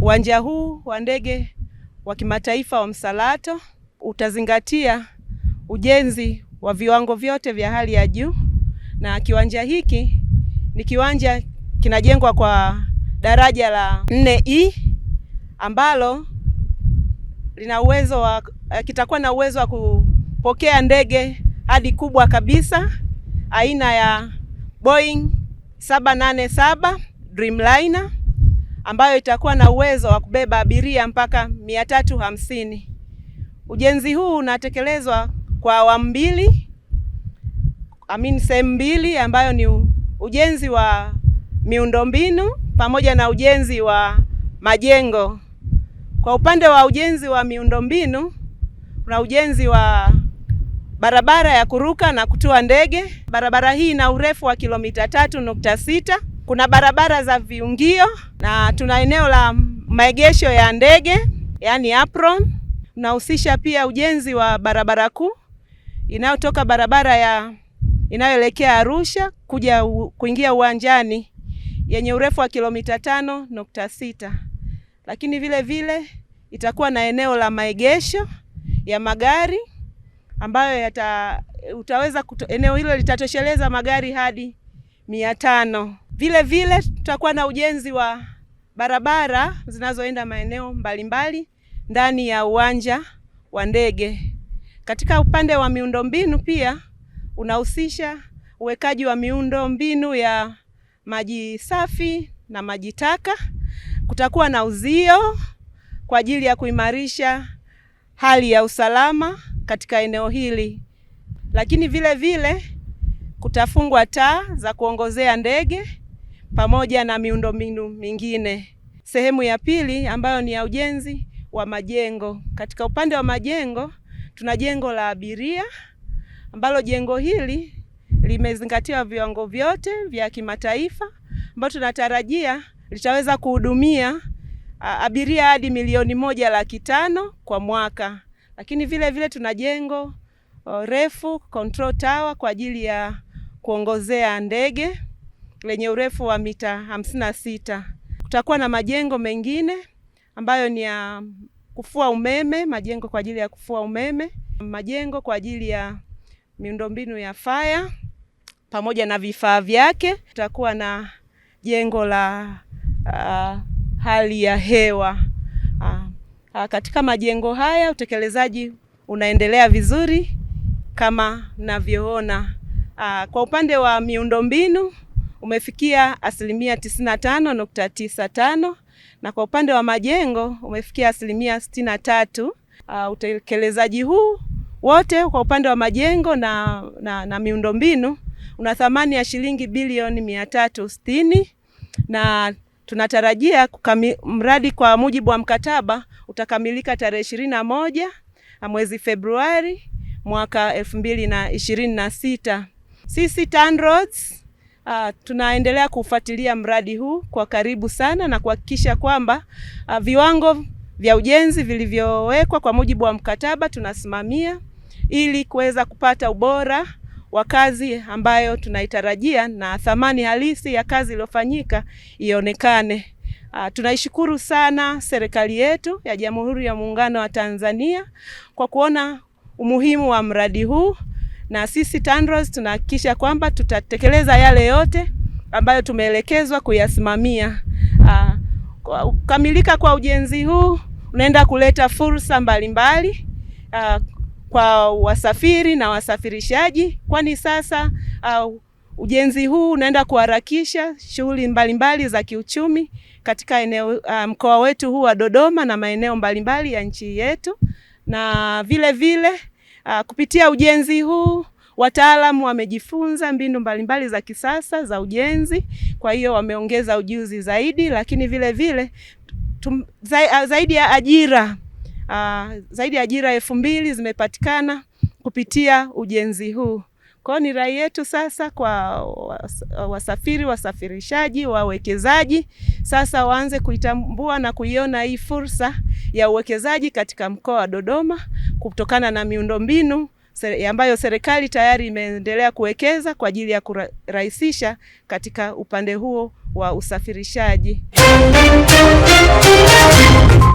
Uwanja huu wa ndege wa kimataifa wa Msalato utazingatia ujenzi wa viwango vyote vya hali ya juu, na kiwanja hiki ni kiwanja kinajengwa kwa daraja la 4E e, ambalo lina uwezo wa eh, kitakuwa na uwezo wa kupokea ndege hadi kubwa kabisa aina ya Boeing 787 Dreamliner ambayo itakuwa na uwezo wa kubeba abiria mpaka mia tatu hamsini. Ujenzi huu unatekelezwa kwa awamu mbili, amin sehemu mbili ambayo ni ujenzi wa miundombinu pamoja na ujenzi wa majengo. Kwa upande wa ujenzi wa miundombinu kuna ujenzi wa barabara ya kuruka na kutua ndege. Barabara hii ina urefu wa kilomita tatu nukta sita kuna barabara za viungio na tuna eneo la maegesho ya ndege yani apron. Tunahusisha pia ujenzi wa barabara kuu inayotoka barabara ya inayoelekea Arusha kuja u, kuingia uwanjani yenye urefu wa kilomita tano nukta sita, lakini vile vile itakuwa na eneo la maegesho ya magari ambayo yata, utaweza kuto, eneo hilo litatosheleza magari hadi mia tano. Vile vile tutakuwa na ujenzi wa barabara zinazoenda maeneo mbalimbali ndani ya uwanja wa ndege. Katika upande wa miundombinu pia unahusisha uwekaji wa miundombinu ya maji safi na maji taka. Kutakuwa na uzio kwa ajili ya kuimarisha hali ya usalama katika eneo hili, lakini vile vile kutafungwa taa za kuongozea ndege pamoja na miundombinu mingine. Sehemu ya pili ambayo ni ya ujenzi wa majengo. Katika upande wa majengo tuna jengo la abiria ambalo jengo hili limezingatiwa viwango vyote vya kimataifa ambayo tunatarajia litaweza kuhudumia abiria hadi milioni moja laki tano kwa mwaka. Lakini vile vile tuna jengo refu control tower kwa ajili ya kuongozea ndege lenye urefu wa mita hamsina sita. Kutakuwa na majengo mengine ambayo ni ya kufua umeme, majengo kwa ajili ya kufua umeme, majengo kwa ajili ya miundombinu ya faya pamoja na vifaa vyake. Kutakuwa na jengo la uh, hali ya hewa uh, katika majengo haya utekelezaji unaendelea vizuri kama mnavyoona. Uh, kwa upande wa miundombinu umefikia asilimia 95.95 na kwa upande wa majengo umefikia asilimia 63. Uh, utekelezaji huu wote kwa upande wa majengo na, na, na miundombinu una thamani ya shilingi bilioni 360 na tunatarajia kukami, mradi kwa mujibu wa mkataba utakamilika tarehe ishirini na moja mwezi Februari mwaka elfu mbili na ishirini na sita. Sisi TANROADS Uh, tunaendelea kufuatilia mradi huu kwa karibu sana na kuhakikisha kwamba uh, viwango vya ujenzi vilivyowekwa kwa mujibu wa mkataba tunasimamia ili kuweza kupata ubora wa kazi ambayo tunaitarajia na thamani halisi ya kazi iliyofanyika ionekane. Uh, tunaishukuru sana serikali yetu ya Jamhuri ya Muungano wa Tanzania kwa kuona umuhimu wa mradi huu na sisi TANROADS tunahakikisha kwamba tutatekeleza yale yote ambayo tumeelekezwa kuyasimamia. Ah, kukamilika kwa ujenzi huu unaenda kuleta fursa mbalimbali mbali, ah, kwa wasafiri na wasafirishaji, kwani sasa uh, ujenzi huu unaenda kuharakisha shughuli mbalimbali za kiuchumi katika eneo mkoa um, wetu huu wa Dodoma na maeneo mbalimbali mbali ya nchi yetu na vile vile Uh, kupitia ujenzi huu wataalamu wamejifunza mbinu mbalimbali za kisasa za ujenzi, kwa hiyo wameongeza ujuzi zaidi, lakini vile vile tum, za, ah, zaidi ya ajira uh, zaidi ya ajira elfu mbili zimepatikana kupitia ujenzi huu kwao. ni rai yetu sasa kwa wasafiri, wasafirishaji, wawekezaji sasa waanze kuitambua na kuiona hii fursa ya uwekezaji katika mkoa wa Dodoma kutokana na miundombinu ambayo serikali tayari imeendelea kuwekeza kwa ajili ya kurahisisha katika upande huo wa usafirishaji.